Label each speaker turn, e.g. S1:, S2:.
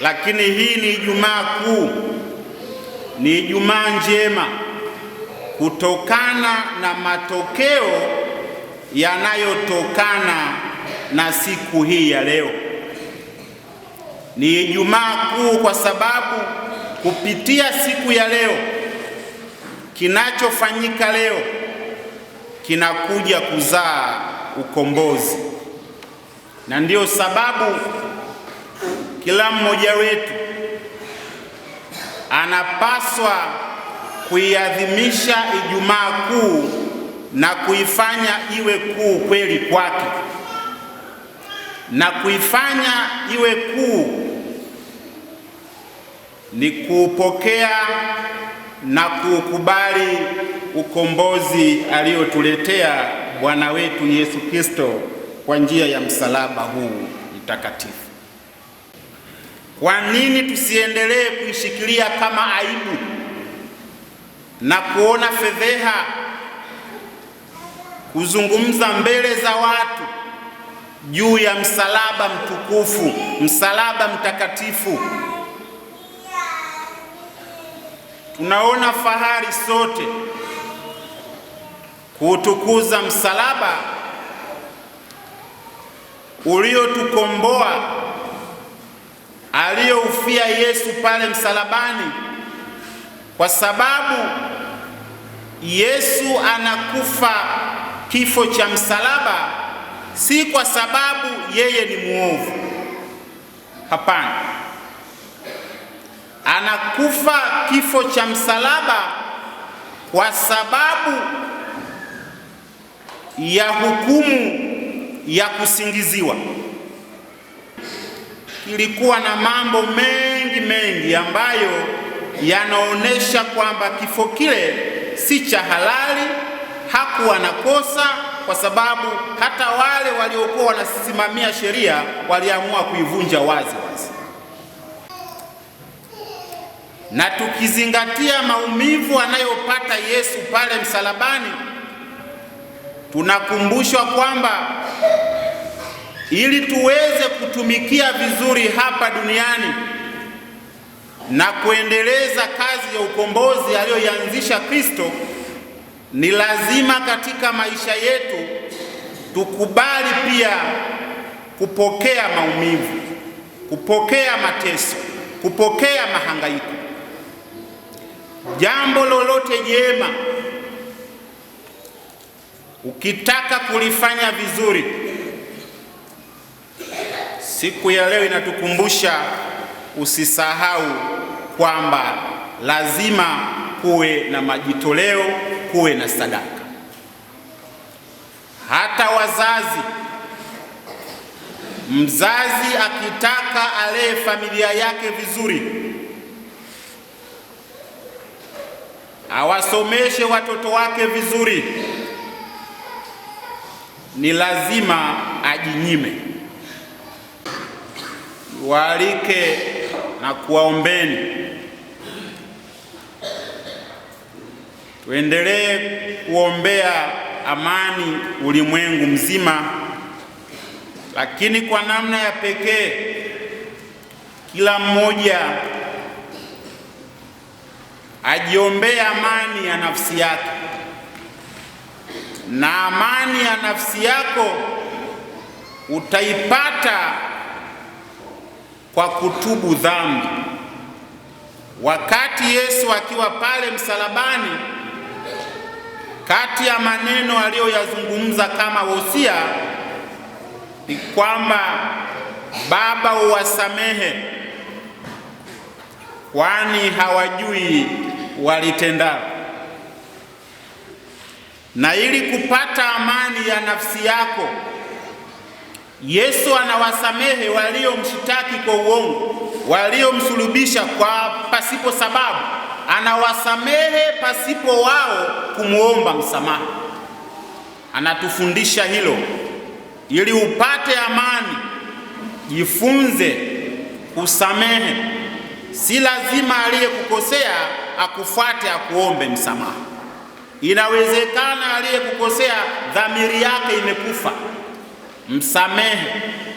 S1: lakini hii ni Ijumaa Kuu, ni Ijumaa njema kutokana na matokeo yanayotokana na siku hii ya leo. Ni Ijumaa Kuu kwa sababu kupitia siku ya leo, kinachofanyika leo kinakuja kuzaa ukombozi, na ndiyo sababu kila mmoja wetu anapaswa kuiadhimisha Ijumaa Kuu na kuifanya iwe kuu kweli kwake na kuifanya iwe kuu ni kuupokea na kuukubali ukombozi aliyotuletea Bwana wetu Yesu Kristo kwa njia ya msalaba huu mtakatifu. Kwa nini tusiendelee kuishikilia kama aibu na kuona fedheha kuzungumza mbele za watu juu ya msalaba mtukufu, msalaba mtakatifu? Tunaona fahari sote kuutukuza msalaba uliotukomboa aliyoufia Yesu pale msalabani, kwa sababu Yesu anakufa kifo cha msalaba si kwa sababu yeye ni mwovu. Hapana, anakufa kifo cha msalaba kwa sababu ya hukumu ya kusingiziwa kilikuwa na mambo mengi mengi ambayo yanaonyesha kwamba kifo kile si cha halali. Hakuwa na kosa, kwa sababu hata wale waliokuwa wanasimamia sheria waliamua kuivunja wazi wazi, na tukizingatia maumivu anayopata Yesu pale msalabani, tunakumbushwa kwamba ili tuweze kutumikia vizuri hapa duniani na kuendeleza kazi ya ukombozi aliyoianzisha Kristo, ni lazima katika maisha yetu tukubali pia kupokea maumivu, kupokea mateso, kupokea mahangaiko. Jambo lolote jema ukitaka kulifanya vizuri Siku ya leo inatukumbusha usisahau kwamba lazima kuwe na majitoleo, kuwe na sadaka. Hata wazazi, mzazi akitaka alee familia yake vizuri, awasomeshe watoto wake vizuri, ni lazima ajinyime waalike na kuwaombeni. Tuendelee kuombea amani ulimwengu mzima, lakini kwa namna ya pekee kila mmoja ajiombee amani ya nafsi yake, na amani ya nafsi yako utaipata kwa kutubu dhambi. Wakati Yesu akiwa pale msalabani, kati ya maneno aliyoyazungumza kama wosia ni kwamba Baba, uwasamehe kwani hawajui walitenda Na ili kupata amani ya nafsi yako Yesu anawasamehe waliomshitaki kwa uongo, waliomsulubisha kwa pasipo sababu, anawasamehe pasipo wao kumwomba msamaha. Anatufundisha hilo ili upate amani. Jifunze kusamehe, si lazima aliyekukosea akufuate akuombe msamaha. Inawezekana aliyekukosea dhamiri yake imekufa msamehe